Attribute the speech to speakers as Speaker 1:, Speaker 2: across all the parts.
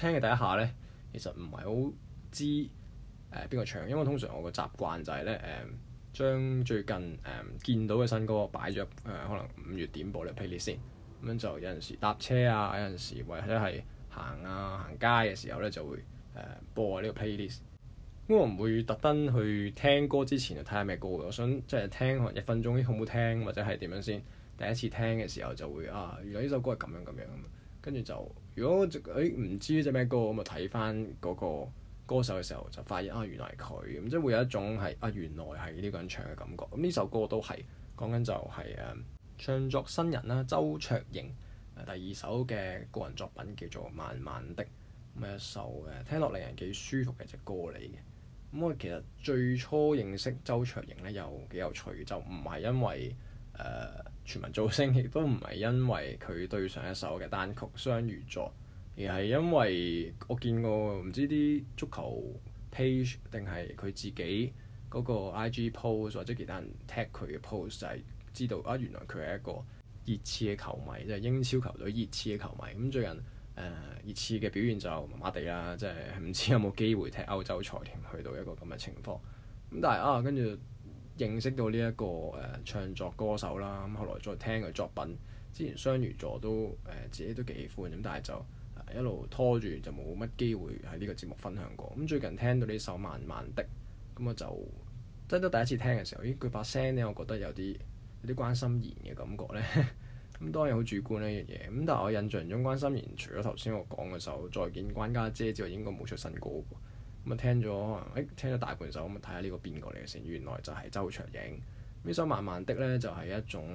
Speaker 1: 聽嘅第一下呢，其實唔係好知誒邊個唱，因為通常我個習慣就係、是、呢，誒、呃、將最近誒、呃、見到嘅新歌擺咗誒、呃、可能五月點播嘅 playlist 先，咁、嗯、樣就有陣時搭車啊，有陣時或者係行啊行街嘅時候呢，就會誒、呃、播呢個 playlist。咁、嗯、我唔會特登去聽歌之前就睇下咩歌嘅，我想即係聽可能一分鐘好唔好聽或者係點樣先。第一次聽嘅時候就會啊，原來呢首歌係咁樣咁樣。跟住就，如果誒唔、欸、知隻咩歌咁啊，睇返嗰個歌手嘅時候就發現啊，原來佢咁，即係會有一種係啊，原來係呢個人唱嘅感覺。咁呢首歌都係講緊就係、是、誒、啊、唱作新人啦，周卓盈、啊、第二首嘅個人作品叫做《慢慢的》，咁一首誒、啊、聽落令人幾舒服嘅隻歌嚟嘅。咁我其實最初認識周卓盈咧又幾有趣就唔係因為。誒、呃、全民造星亦都唔係因為佢對上一首嘅單曲《雙魚座》，而係因為我見過唔知啲足球 page 定係佢自己嗰個 IG post 或者其他人踢佢嘅 post，就係知道啊，原來佢係一個熱刺嘅球迷，即、就、係、是、英超球隊熱刺嘅球迷。咁、嗯、最近誒、呃、熱刺嘅表現就麻麻地啦，即係唔知有冇機會踢歐洲賽添去到一個咁嘅情況。咁但係啊，跟住。認識到呢一個誒唱作歌手啦，咁後來再聽佢作品，之前雙魚座都誒、呃、自己都幾喜歡，咁但係就一路拖住就冇乜機會喺呢個節目分享過。咁最近聽到呢首《慢慢的》，咁我就真得第一次聽嘅時候，咦，佢把聲呢，我覺得有啲有啲關心妍嘅感覺呢。咁當然好主觀呢樣嘢，咁但係我印象中關心妍除咗頭先我講嘅首《再見關家姐》之外，應該冇出新歌。咁啊、哎，聽咗誒，聽咗大半首咁啊，睇下呢個邊個嚟嘅先。原來就係周卓盈呢首《慢慢的》咧，就係、係、一種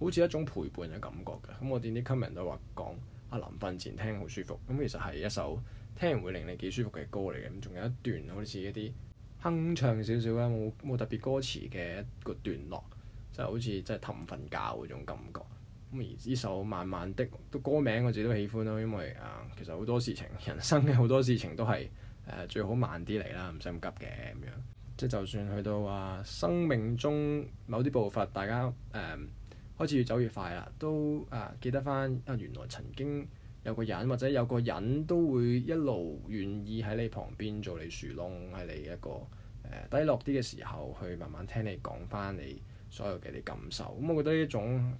Speaker 1: 好似一種陪伴嘅感覺嘅。咁我見啲 comment 都話講啊，臨瞓前聽好舒服。咁其實係一首聽完會令你幾舒服嘅歌嚟嘅。咁仲有一段好似一啲哼唱少少咧，冇冇特別歌詞嘅一個段落，就係、好似真係氹瞓覺嗰種感覺。咁而呢首《慢慢的》都歌名我自己都喜歡咯，因為啊，其實好多事情，人生嘅好多事情都係。最好慢啲嚟啦，唔使咁急嘅咁樣。即係就算去到話、啊、生命中某啲步伐，大家誒、嗯、開始越走越快啦，都誒、啊、記得翻啊原來曾經有個人或者有個人都會一路願意喺你旁邊做你樹窿，喺你一個、呃、低落啲嘅時候，去慢慢聽你講翻你所有嘅啲感受。咁、嗯、我覺得呢種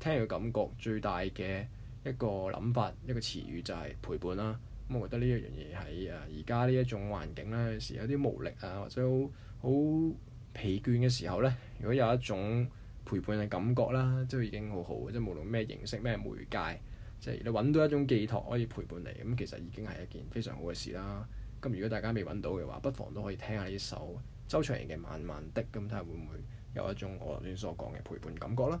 Speaker 1: 聽嘅感覺最大嘅一個諗法一個詞語就係陪伴啦。咁我覺得呢一樣嘢喺誒而家呢一種環境咧，有時有啲無力啊，或者好好疲倦嘅時候咧，如果有一種陪伴嘅感覺啦，即都已經好好，即係無論咩形式、咩媒介，即係你揾到一種寄託可以陪伴你，咁其實已經係一件非常好嘅事啦。咁如果大家未揾到嘅話，不妨都可以聽下呢首周卓盈嘅《慢慢的》，咁睇下會唔會有一種我頭先所講嘅陪伴感覺啦。